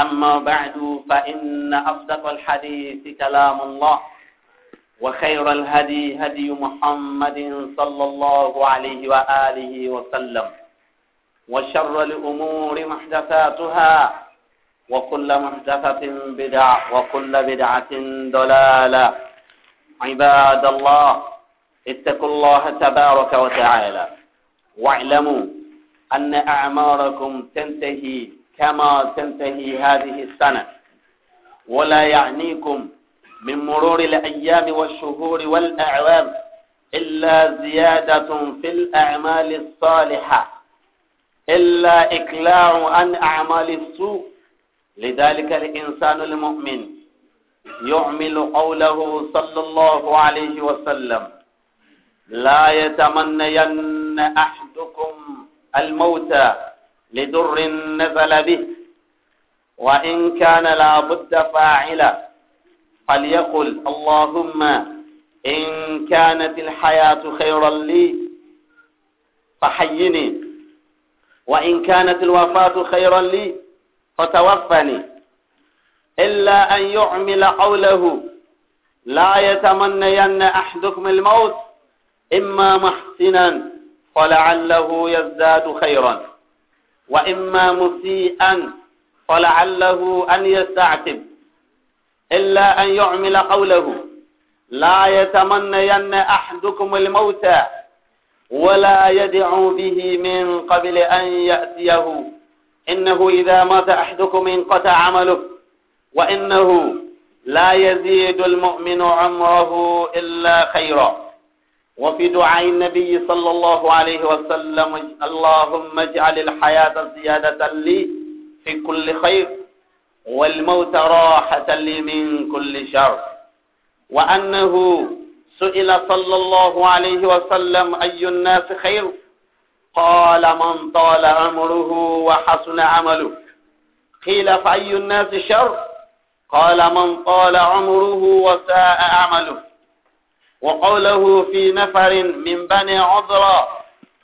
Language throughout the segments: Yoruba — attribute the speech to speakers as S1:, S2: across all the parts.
S1: أما بعد فإن أصدق الحديث كلام الله وخير الهدي هدي محمد صلى الله عليه وآله وسلم وشر الأمور محدثاتها وكل محدثة بدعة وكل بدعة ضلالة عباد الله اتقوا الله تبارك وتعالى واعلموا أن أعماركم تنتهي كما تنتهي هذه السنة ولا يعنيكم من مرور الأيام والشهور والأعوام إلا زيادة في الأعمال الصالحة إلا إكلاع عن أعمال السوء لذلك الإنسان المؤمن يعمل قوله صلى الله عليه وسلم لا يتمنين أحدكم الموتى لدر نزل به وإن كان لابد فاعلا فليقل اللهم إن كانت الحياة خيرا لي فحيني وإن كانت الوفاة خيرا لي فتوفني إلا أن يعمل قوله لا يتمنين أحدكم الموت إما محسنا فلعله يزداد خيرا وإما مسيئا فلعله أن يستعتب إلا أن يعمل قوله لا يتمنين أحدكم الموت ولا يدعو به من قبل أن يأتيه إنه إذا مات أحدكم انقطع عمله وإنه لا يزيد المؤمن عمره إلا خيرا وفي دعاء النبي صلى الله عليه وسلم اللهم اجعل الحياة زيادة لي في كل خير والموت راحة لي من كل شر وأنه سئل صلى الله عليه وسلم أي الناس خير قال من طال عمره وحسن عمله قيل فأي الناس شر قال من طال عمره وساء عمله وقوله في نفر من بني عذرى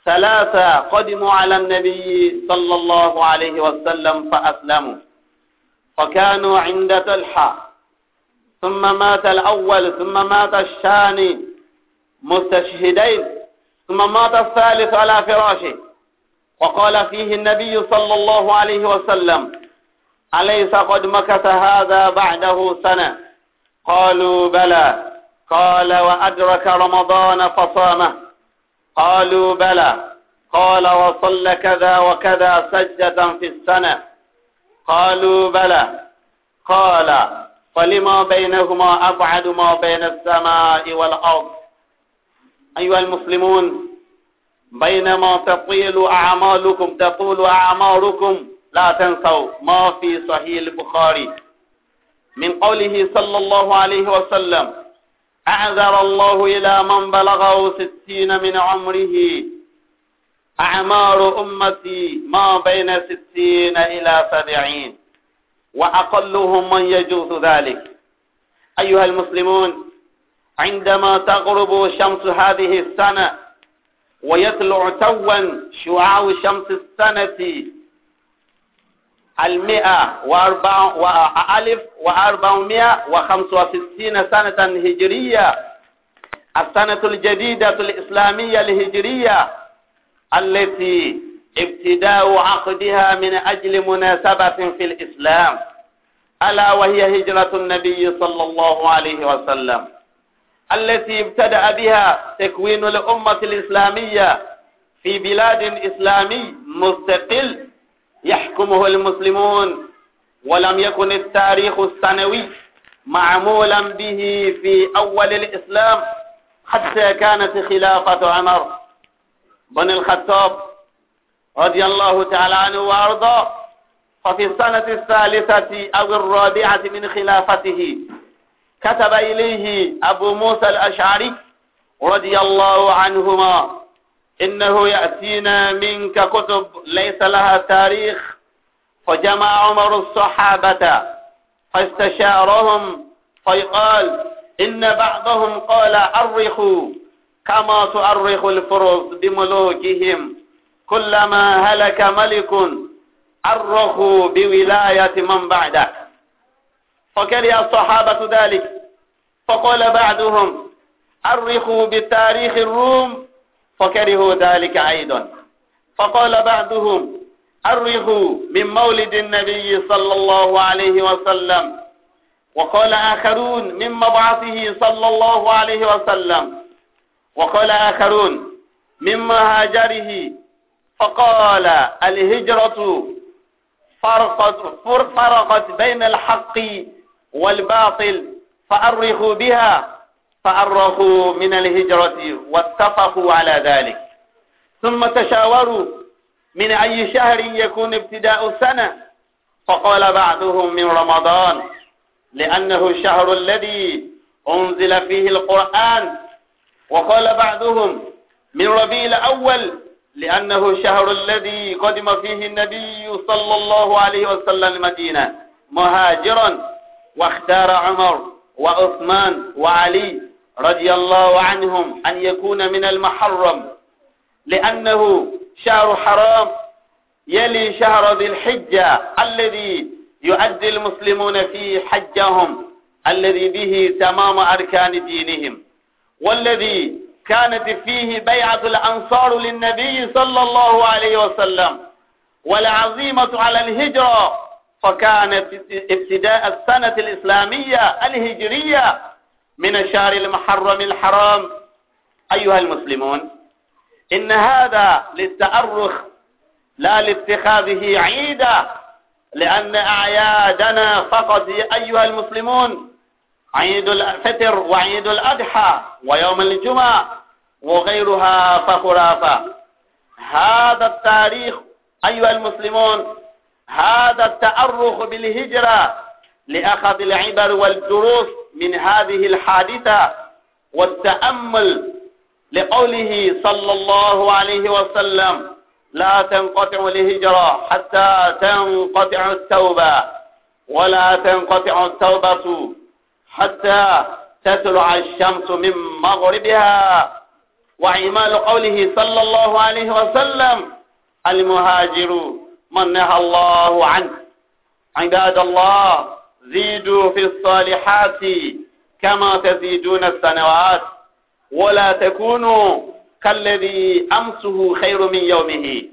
S1: ثلاثة قدموا على النبي صلى الله عليه وسلم فأسلموا فكانوا عند تلحى ثم مات الأول ثم مات الثاني مستشهدين ثم مات الثالث على فراشه وقال فيه النبي صلى الله عليه وسلم أليس قد مكث هذا بعده سنة قالوا بلى قال وأدرك رمضان فصامه قالوا بلى قال وصل كذا وكذا سجة في السنة قالوا بلى قال فلما بينهما أبعد ما بين السماء والأرض أيها المسلمون بينما تطيل أعمالكم تطول أعماركم لا تنسوا ما في صحيح البخاري من قوله صلى الله عليه وسلم أعذر الله إلى من بلغه ستين من عمره أعمار أمتي ما بين ستين إلى سبعين وأقلهم من يجوز ذلك أيها المسلمون عندما تغرب شمس هذه السنة ويطلع توا شعاع شمس السنة المئة وأربع وألف وأربعمائة وخمس وستين سنة هجرية السنة الجديدة الإسلامية الهجرية التي ابتداء عقدها من أجل مناسبة في الإسلام ألا وهي هجرة النبي صلى الله عليه وسلم التي ابتدأ بها تكوين الأمة الإسلامية في بلاد إسلامي مستقل يحكمه المسلمون ولم يكن التاريخ السنوي معمولا به في أول الإسلام حتى كانت خلافة عمر بن الخطاب رضي الله تعالى عنه وأرضاه ففي السنة الثالثة أو الرابعة من خلافته كتب إليه أبو موسى الأشعري رضي الله عنهما إنه يأتينا منك كتب ليس لها تاريخ فجمع عمر الصحابة فاستشارهم فيقال إن بعضهم قال أرخوا كما تؤرخ الفرس بملوكهم كلما هلك ملك أرخوا بولاية من بعده فكره الصحابة ذلك فقال بعضهم أرخوا بتاريخ الروم فكرهوا ذلك أيضا فقال بعضهم أرهوا من مولد النبي صلى الله عليه وسلم وقال آخرون من مبعثه صلى الله عليه وسلم وقال آخرون من مهاجره فقال الهجرة فرقت, فرقت بين الحق والباطل فأرخوا بها فأرخوا من الهجرة واتفقوا على ذلك ثم تشاوروا من أي شهر يكون ابتداء السنة فقال بعضهم من رمضان لأنه الشهر الذي أنزل فيه القرآن وقال بعضهم من ربيع الأول لأنه الشهر الذي قدم فيه النبي صلى الله عليه وسلم المدينة مهاجرا واختار عمر وعثمان وعلي رضي الله عنهم أن يكون من المحرم لأنه شهر حرام يلي شهر ذي الحجة الذي يؤدي المسلمون فيه حجهم الذي به تمام أركان دينهم والذي كانت فيه بيعة الأنصار للنبي صلى الله عليه وسلم والعظيمة على الهجرة فكانت ابتداء السنة الإسلامية الهجرية من الشهر المحرم الحرام أيها المسلمون إن هذا للتأرخ لا لاتخاذه عيدا لأن أعيادنا فقط أيها المسلمون عيد الفطر وعيد الأضحى ويوم الجمعة وغيرها فخرافة هذا التاريخ أيها المسلمون هذا التأرخ بالهجرة لأخذ العبر والدروس من هذه الحادثة والتأمل لقوله صلى الله عليه وسلم لا تنقطع الهجرة حتى تنقطع التوبة ولا تنقطع التوبة حتى تطلع الشمس من مغربها وعمال قوله صلى الله عليه وسلم المهاجر من نهى الله عنه عباد الله زيدوا في الصالحات كما تزيدون السنوات ولا تكونوا كالذي أمسه خير من يومه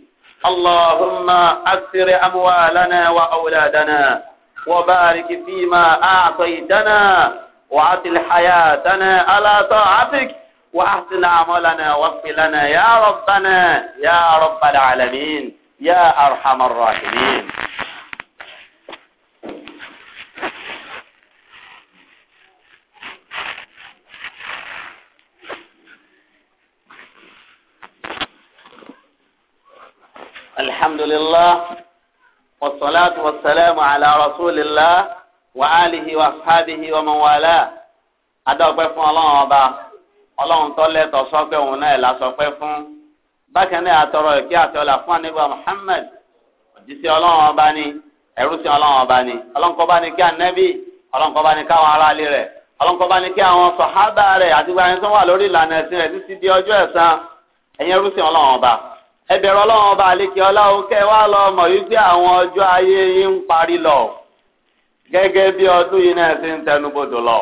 S1: اللهم أكثر أموالنا وأولادنا وبارك فيما أعطيتنا وعطل حياتنا على طاعتك وأحسن عملنا واغفر لنا يا ربنا يا رب العالمين يا أرحم الراحمين لله والصلاة والسلام على رسول الله وآله وأصحابه ومن والاه adọ́pẹ́ fún ọlọ́run ọba ọlọ́run tó lẹ́tọ̀ọ́ sọ́pẹ́ òun náà lásọpẹ́ fún bákan náà àtọrọ ìkí àti ọlà fún anígbà Muhammad òjíṣẹ́ ọlọ́run ọba ni ẹrú sí ọlọ́run ọba ni ọlọ́run kọ́ bá ní kí ànábì ọlọ́run kọ́ bá ní káwọn aráalé rẹ̀ ọlọ́run kọ́ bá ní kí àwọn sọ̀hábà rẹ̀ àti gbàyẹn tó wà lórí ìlànà ẹ̀sìn rẹ̀ títí di ọjọ́ ẹ̀san ẹ̀yin ẹrú sí ọlọ́run ọba ẹbẹ̀rẹ̀ ọlọ́run ọba àlekè ọlá òkè wà lọ mọ̀ wípé àwọn ọjọ́ ayé yín ń parí lọ gẹ́gẹ́ bí ọdún yìí náà ti ń tẹnubodò lọ.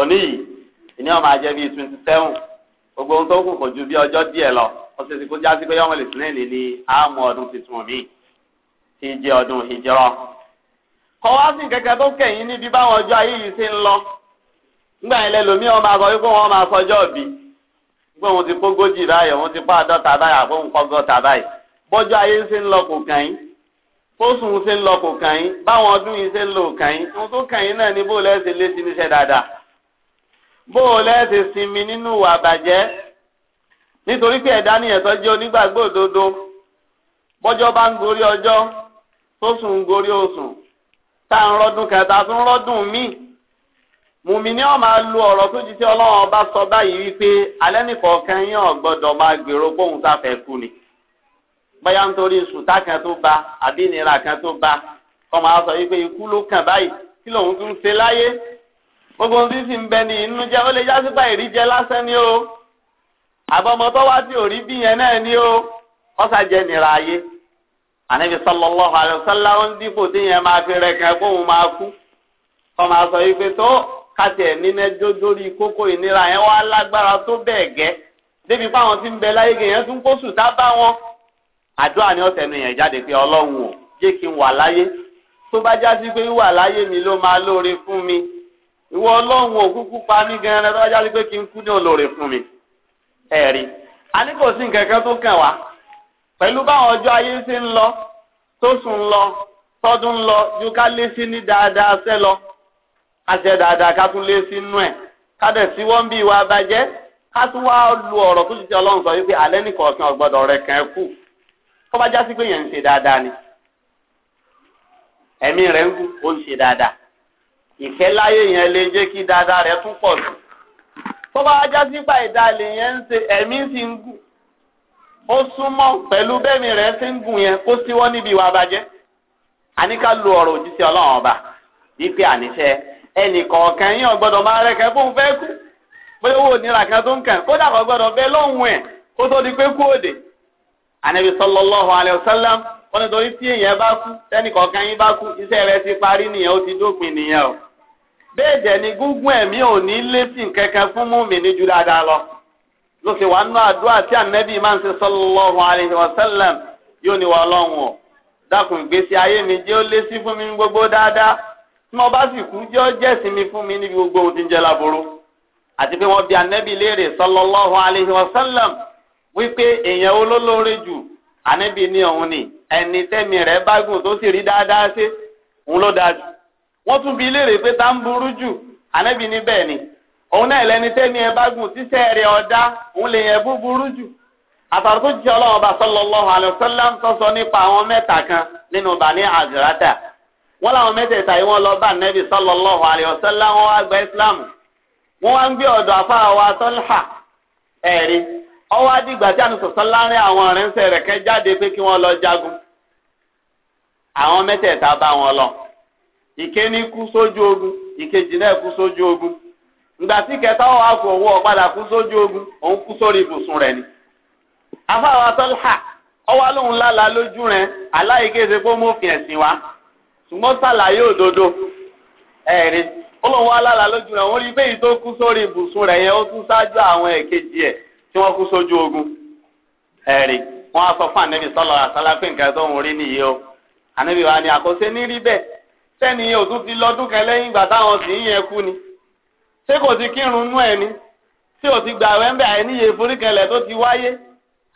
S1: òní yìí ìní ọmọ àjẹ́ bíi twenty seven gbogbo ohun tó kù kò ju bí ọjọ́ díẹ̀ lọ wọ́n ṣe ti kó jásí pé yọ́mọ̀lẹ̀ sílẹ̀ lè ní àmọ́ ọdún tuntun mi ti jẹ́ ọdún ìjọrọ̀. kọ́wá sí kẹ̀kẹ́ tó kẹ̀yìn níbi báwọn ọjọ́ ayé yìí ti ń lọ nígbà yẹn lẹ́lòmí ọmọ àkọ́ wípé wọ́n máa fọjọ́ bíi pé òun ti kógójì báyìí òun ti pa àádọ́ta báyìí àpò òun kọ́gọ́ta báyìí bọ́jọ́ ayé ń ṣe ń lọ kò kàn yín fóṣùn ṣe ń lọ kò kàn yín báwọn ọdún yìí ṣe ń lò kàn yín ohun tó kàn yín náà ni bó lẹ́sẹ̀ lé sí níṣẹ́ dáadáa bó lẹ́sẹ̀ sinmi nínú ìwà àbàjẹ́ nítorí pé ẹ̀dá nìyẹn tó jẹ́ onígbàgbọ́ òdodo bọ́jọ́ bá ń gorí ọjọ́ fóṣùn ń gorí oṣùn tá à ń rọ́dún kẹta tó ń rọ́dún míì mùmíní ma lu tó jí ọba sọ báyìí wípé alẹ́ nìkọ̀ọ̀kan yín ò máa gbèrò bóun sáfẹ́ kú ni bóyá nítorí sùtá kan tó bá àbí kan tó bá ọmọ sọ wípé ikú ló kàn báyìí kí lòun tún ṣe láyé gbogbo ohun tí sì ń bẹ ní inú jẹ ó lè já ni o tó nira ayé ànábi dípò tí yẹn máa fi kàn kóun sọ wípé tó. kátẹ nínẹjọ lórí kókó ìnira yẹn wá lágbára tó bẹ́ẹ̀ gẹ́ débi fáwọn tí ń bẹ láyé gẹ́yẹn tún kó sùtá bá wọn àdúrà ni ọ̀sẹ̀ nu yẹn jáde pé ọlọ́run ò jẹ́ kí n wà láyé tó bá jásí pé wíwà láyé mi ló máa lóore fún mi ìwọ ọlọ́run ò kúkú pa mí gan-an tó bá jásí pé kí n kú ní olóore fún mi ẹ̀rí a ní kò sí nǹkan kan tó kàn wá pẹ̀lú báwọn ọjọ́ ayé ṣe ń lọ tó sùn ń lọ tọdún ń lọ ju ká lé sí ní dáadáa sẹ́ lọ ká dáadáa ká tún lé sínú ẹ̀ ká dẹ̀ sí wọ́n bí ìwà abajẹ́ ká tún wá lu ọ̀rọ̀ tó ti ti ọlọ́run sọ wípé alẹ́ nìkọ̀ọ̀kan ọ̀gbọ́dọ̀ rẹ̀ kàn kù kó bá pé yẹn ń ṣe dáadáa ni ẹ̀mí rẹ̀ ń kú ó ń ṣe dáadáa ìfẹ́ láyé yẹn lè jẹ́ kí dáadáa rẹ̀ tún pọ̀ sí tó bá jásí pa yẹn ń ṣe ẹ̀mí sì ẹnìkọ̀ọ̀kan yín ọ̀gbọ́dọ̀ máa rẹ̀kẹ́ fún fẹ́ kú bóyá owó òníra kan tó ń kàn kódà kò gbọ́dọ̀ bẹ lọ́hùn ẹ̀ kó tó di pé kú òde. torí tí èèyàn bá kú yín bá kú iṣẹ́ ti parí nìyẹn ó ti dópin nìyẹn o. bẹ́ẹ̀ dẹ̀ ni gúngún ẹ̀mí ò ní kankan fún dáadáa lọ. tí mo bá sì kú jẹ́ ọjẹ́ ìsinmi fún mi níbi gbogbo ohun tí ń jẹ́ láboró àti pé wọ́n bi ànẹ́bí léèrè sallallahu alaihi wasallam wípé èèyàn olólóore jù ànẹ́bí ní ọ̀hún ni ẹni tẹ́mi rẹ̀ bá gùn tó sì rí dáadáa ṣe òun ló dáa jù wọ́n tún bi léèrè pé tá ń burú jù ànẹ́bí ní ni òun náà lẹni tẹ́mi ẹ bá gùn tíṣẹ́ rẹ̀ ọ̀dá òun lè yẹn bú burú jù àtàkùn jẹ́ ọlọ́run ọba sallallahu alaihi wasallam tó wọ́n làwọn mẹ́tẹ̀ẹ̀ta yìí wọ́n lọ bá nẹ́bí sallallahu alaihi wasallam wọ́n ìsìláàmù wọ́n wá ń gbé ọ̀dọ̀ awa wa ẹ̀rí ọwọ́ adìgbà tí àmì sọ̀sọ́ láàrin àwọn ọ̀rẹ́nsẹ̀ rẹ̀ kẹ́ jáde lọ jagun àwọn mẹ́tẹ̀ẹ̀ta bá wọn lọ kú sójú ogun kú sójú ogun ìgbà tí kẹta owó ọ̀padà kú sójú ogun òun kú sórí ibùsùn rẹ̀ ni ọwọ́ ṣùgbọ́n ṣàlàyé òdodo ẹ̀rí ọlọ́run alára lójú rẹ̀ wọ́n rí bẹ́ẹ̀ tó kú sórí ibùsùn rẹ̀ yẹn ó tún ṣáájú àwọn èkejì ẹ̀ tí wọ́n kú sójú ogun ẹ̀rí wọ́n á sọ fún ànẹ́bí sọ́lọ́ àṣálá pé nǹkan tó ń rí nìyí o ànẹ́bí wa ni àkọsẹ́ ní rí bẹ́ẹ̀ sẹ́ni yẹn ò tún ti lọ́dún kan lẹ́yìn ìgbà táwọn sì ń yẹn kú ni ṣé kò ti kírun nú ẹ̀ ni tí ò ti gbà wẹ́ńbẹ́ àìníye foríkẹlẹ̀ tó ti wáyé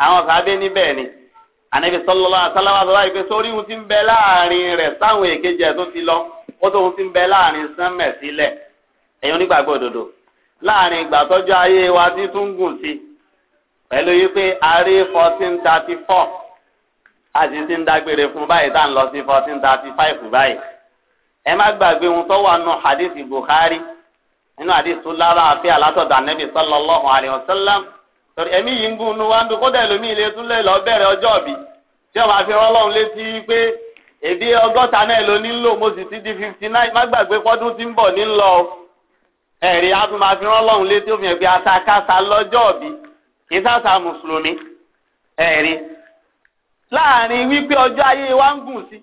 S1: àwọn kàá dé níbẹ̀ ni ànábi sọlọlọ àtàlámà sọlá ìpè sórí ohun tí ń bẹ láàrin rẹ̀ sáwọn èkejì ẹ̀ tó ti lọ ó tó ohun tí ń bẹ láàrin sánmẹ̀ sílẹ̀ ẹ̀yin onígbàgbọ́ òdodo láàrin ìgbà tọ́jú ayé wa tí tún gùn sí pẹ̀lú yìí pé àrí fourteen thirty four a sì ti ń dágbére fún báyìí tá à ń lọ sí fourteen thirty five báyìí ẹ má gbàgbé ohun tó wà nù hadith Bukhari nínú hadith tó lára àfihàn látọ̀dọ̀ ànábi sọlọlọ àríwọ̀sálàmù torí ẹ̀mí yìí ń gún nu wá ń dún kódà ẹlòmíì lè tún lè lọ bẹ̀rẹ̀ ọjọ́ bí tí ọba fi rán ọlọ́run létí pé èdè ọgọ́ta náà ló ní lò mo sì ti di fifty nine má gbàgbé pọ́dún tí a tún máa fi rán létí ẹ̀gbẹ́ lọ́jọ́ kì í sàṣà mùsùlùmí ẹ̀rí láàrin wípé ọjọ́ ayé wa ń gùn sí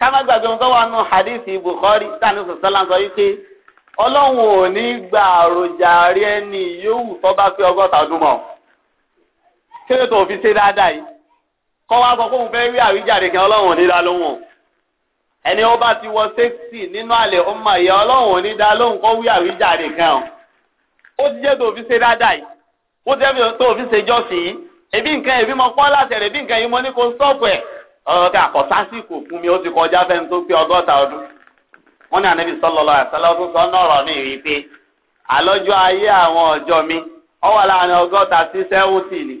S1: ká má gbàgbé ohun tó nù hadith Bukhari sọ wípé ọlọ́run ò kí ló tó fi se dáadáa yìí kọ́ sọ pé fẹ́ rí àwíjàre kan ọlọ́run ẹni ó bá ti wọ sẹ́ksì nínú àlẹ́ ó mọ ìyá ọlọ́run òní dá lóhùn kó wí àwíjàre kan ó ti jẹ́ tó fi ṣe dáadáa yìí ó ti jẹ́ tó fi ebi nǹkan ebi mo kọ́ láti rẹ̀ ebi nǹkan yìí mo ní ẹ̀ ọ̀rọ̀ kí àkọ́sásìkò fún mi ó ti kọjá tó pé ọgọ́ta ọdún wọ́n ní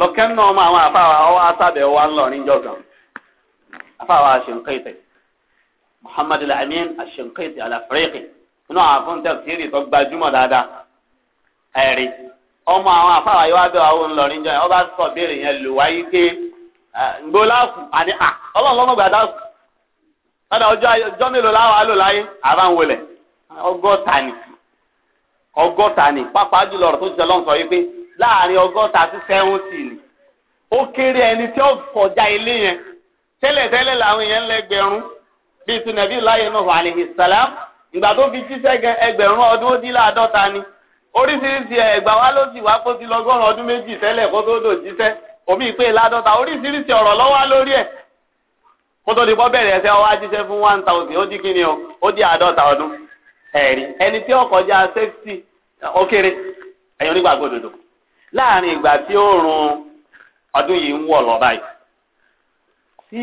S1: lọ́kẹ́ náà mọ àwọn àfàwà ọwọ́ asábẹ̀ wa ńlọrin jọ̀gàn àfàwà àṣẹǹkẹ́tì Muhammad al-Amin àṣẹǹkẹ́tì al-Afriqi inú àwọn afúntẹ̀ fìrì tó gbajúmọ̀ dáadáa ẹ̀rí ọmọ àwọn yóò wá àwọn ńlọrin jọ̀gàn ọba sọ béèrè yẹn lò wáyé pé à ọ̀dà ọjọ́ mélòó láyé láàrin ọgọ́ta sí sẹ́wọ́ntì ni ó kéré ẹni tí ó kọjá ilé yẹn tẹ́lẹ̀tẹ́lẹ̀ làwọn èèyàn lẹ́gbẹ̀rún bíi ti nàbí láyé náà alayhi fi jíṣẹ́ gan ẹgbẹ̀rún ọdún ó dín láàdọ́ta ni oríṣiríṣi ẹ̀gbà wa ló sì wá kó ti lọ́gọ́rùn ọdún méjì tẹ́lẹ̀ kó tó dò jíṣẹ́ omi ìpè ládọ́ta oríṣiríṣi ọ̀rọ̀ lọ́wọ́ lórí ẹ̀ kó tó di bọ́ bẹ̀rẹ̀ ẹsẹ̀ ọwọ́ ajíṣẹ́ fún one thousand ó o ó àádọ́ta ọdún ẹ̀rí ẹni tí láàrin ìgbà tí oòrùn ọdún yìí ń wọ̀ lọ báyìí tí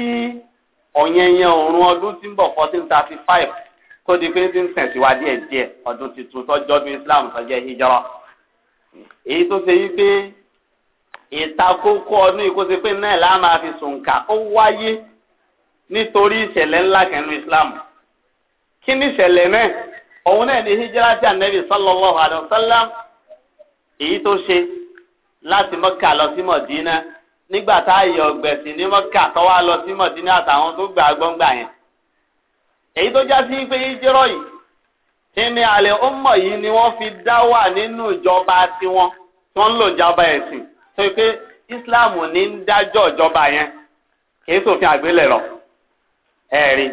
S1: ọ̀yẹ̀yẹ̀ oòrùn ọdún tí ń bọ̀ fourteen thirty five di pé ti ń tẹ̀síwá díẹ̀ díẹ̀ ọdún tuntun Islam tọ́jọ́ hijra èyí tó ṣe wípé ìtakókó ọdún náà fi ó wáyé nítorí ìṣẹ̀lẹ̀ ńlá Islam kí ni ìṣẹ̀lẹ̀ náà òun náà èyí láti mọ́kà lọ sí mọ̀dínà nígbà tá a yọ ọ̀gbẹ̀sìn ní mọ́kà tó wá lọ sí mọ̀dínà àtàwọn tó gbà gbọ́ngbà yẹn. èyí tó já sí pé ìjírọ̀ yìí ìní àlẹ́ ọmọ yìí ni wọ́n fi dá wà nínú ìjọba tiwọn tí wọ́n ń lò jábá ẹ̀sìn tó pé Islam ní ń dájọ́ ìjọba yẹn kì í ṣòfin àgbélẹ̀rọ ẹ̀rí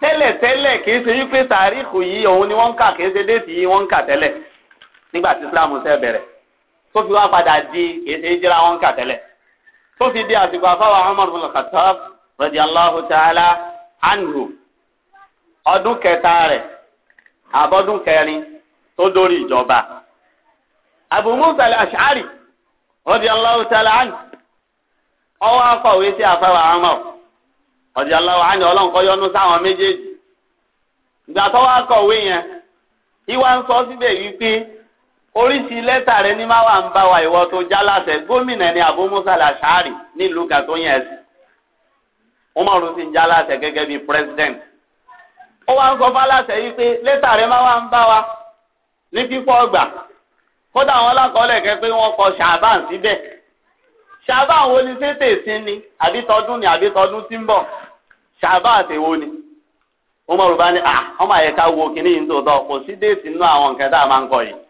S1: tẹ́lẹ̀tẹ́lẹ̀ kì í ṣe wípé tàríkù yìí òun ni wọ́n ń kà kì í ṣe déètì yìí wọ́n ń kà tẹ́lẹ̀ nígbà tí Islam ṣẹ̀ bẹ̀rẹ̀ tó fi wá padà di ètò ìjìra wọn kà tẹlẹ tó fi di àsìkò àfáwà Umar bin Khattab radiyallahu ta'ala ọdún kẹta rẹ àbọ̀dún kẹrin tó dórí ìjọba Abu Musa al-Ash'ari sí àfáwà yọnu sáwọn méjèèjì ìgbà tó wá yẹn ìwà ń sọ síbẹ̀ wípé. oríṣi lẹ́tà rẹ ní máa wà ń bá wa ìwọ tó já láṣẹ gómìnà ní Abu Musa Al-Ash'ari nílùú kan tó yẹn sí Umaru sì ń já láṣẹ gẹ́gẹ́ bíi president ó wá ń sọ fáláṣẹ yìí pé lẹ́tà rẹ máa wà ń bá wa ní fífọ́ ọgbà kódà àwọn alákọọ́lẹ̀ kẹ pé wọ́n kọ ṣàbán síbẹ̀ ṣàbán wo ni sétè sí ni àbí tọdún ni àbí tọdún tí ń bọ̀ ṣàbán àtẹ̀wò ni Umaru bá ní à ah, ọmọ àyẹ̀ká wo kìnnìyàn tó tọ kò sí déètì nínú àwọn nǹkan tá a máa ń kọ yìí.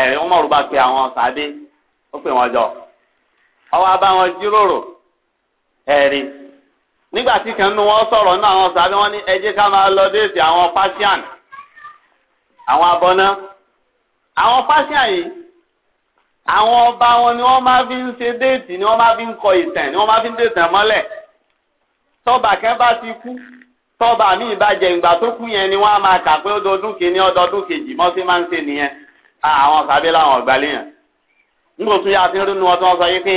S1: ẹ̀rín wọn mọ̀rún bá pe àwọn sàdé ó pè wọn jọ ọwọ́ abá wọn jíròrò ẹ̀rí nígbà tí kan nu wọn sọ̀rọ̀ náà àwọn sàdé wọn ní ẹ ká máa lọ déètì àwọn pasian àwọn abọ́ná àwọn pasian ọba wọn ni wọ máa fi ń ṣe déètì ni fi ń kọ ni wọ máa fi ń mọ́lẹ̀ tọ́ba kan bá ti kú tọ́ba mi ìbàjẹ́ ni wọ́n á máa kà pé ọdọọdún kìíní ọdọọdún kejì máa Ah, àwọn sábẹ́ làwọn ọ̀gbálẹ̀ yẹn n kò tún yà sí rínú ọtún ọsọ yìí pé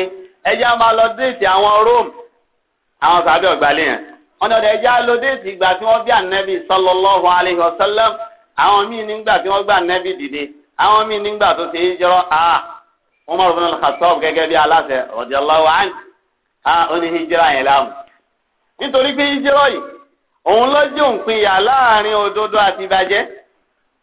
S1: ẹjẹ́ máa lọ déètì àwọn Rome àwọn sábẹ́ ọ̀gbálẹ̀ yẹn wọn dọ̀dọ̀ ẹjẹ́ lọ déètì ìgbà tí wọ́n bí ànẹ́bì sallallahu alaihi wasallam àwọn míì nígbà tí wọ́n gbà ànẹ́bì dìde àwọn míì nígbà tó ṣe jọrọ a ah, Umar ibn al-Khattab gẹ́gẹ́ bí aláṣẹ radiyallahu anhu ah,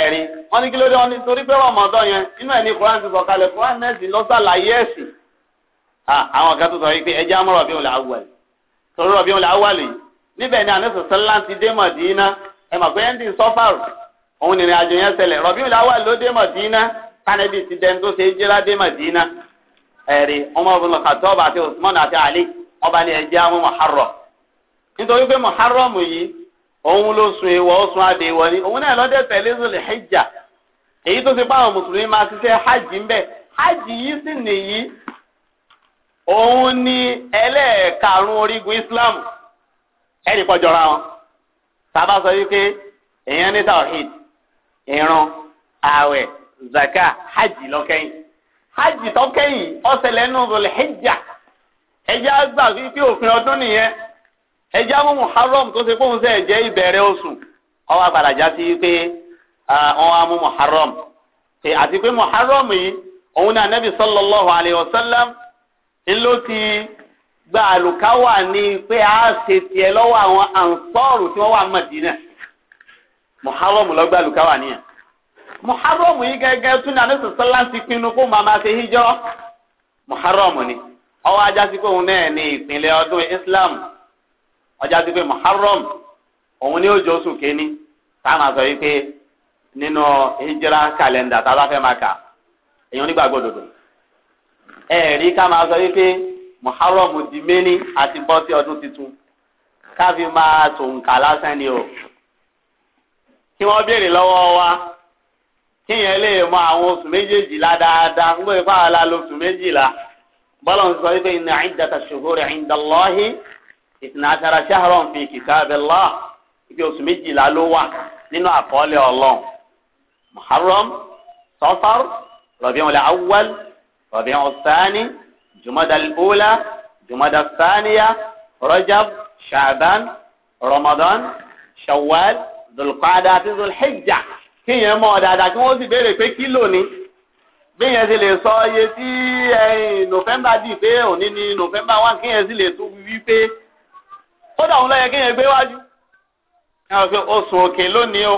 S1: ẹ̀rí wọ́n ní kí ló dé wọ́n ní torí pé Ramadan yẹn nínú ẹ̀ ní Quran ti sọ̀kalẹ̀ Quran mẹ́sìn ló ẹ̀sìn àwọn kan tó sọ pé ẹjẹ́ àmọ́ Rabiul Awwal torí Rabiul Awwal yìí níbẹ̀ ni àná sọ̀sọ́ ńlá ti dé Mọ̀dínà ẹ mọ̀ pé ẹ̀ ń dín sọ́fàrù òun nìrìn àjò yẹn ló dé Mọ̀dínà ti tó ṣe jẹ́lá dé Mọ̀dínà ẹ̀rí ọmọ Ali ẹjẹ́ òun ló sun ìwọ ó sun adé ìwọ ni òun náà lọ́dẹ̀ tẹ̀lé sọlẹ̀ hijja èyí tó ti pa àwọn mùsùlùmí máa ṣiṣẹ́ hajj ń bẹ̀ hajj yìí sì nìyí òun ni ẹlẹ́ẹ̀karùn orígun islam ẹ̀rí pọ̀jọ́ra wọn sábà sọ wípé èèyàn ní tawhid ìran zaka hajj ẹja mú muharram tó ṣe fóun sẹ jẹ ìbẹ̀rẹ̀ oṣù ọwọ àgbàdàjà sí pé wọn á muharram àti pé muharram yìí òun wa sallam ti gba àlùkáwà ní pé a ṣe tiẹ̀ lọ́wọ́ àwọn ansọọrù tí wọn wà Mádínà muharram lọ gba àlùkáwà nìyẹn muharram yìí gẹ́gẹ́ tún ní ti pinnu kó màmá ṣe muharram ni ọwọ ajá sí pé òun náà Islam. ọjà ti pé muharram òun ni ó jọ oṣù kéní táwọn àṣọ yìí pé nínú hijira kàlẹ́ndà tá a bá fẹ́ máa kà èèyàn nígbàgbọ́ òdodo ẹ̀ẹ̀rí ká máa sọ wípé muharram di méní àti bọ́ sí ọdún tuntun káfí máa tòǹkà lásán ni o kí wọ́n béèrè lọ́wọ́ wa kíyẹn lè mọ àwọn oṣù méjèèjìlá dáadáa ń gbé fáwọn aláàlú oṣù méjìlá bọ́lá ń sọ wípé inna iddatash shuhuri inda Allahi ìtìnà àṣàrà ṣáhàrọ̀ fi kitabillah ibi oṣù méjìlá ló wà nínú àkọọ́lẹ̀ ọlọ́run muharram safar rabi'ul awwal rabi'ul thani jumadal ula jumadal thaniya rajab sha'ban ramadan shawwal dulqaada àti dulhijja kíyẹn mọ̀ dáadáa kí wọ́n sì béèrè pé kí lónìí bí yẹn ti lè sọ iye tí november dì pé òní ni november one kíyẹn sì lè tún wí pé. kódà òun lọ́yẹ kéèyàn gbé wájú. ó sùn òkè lónìí o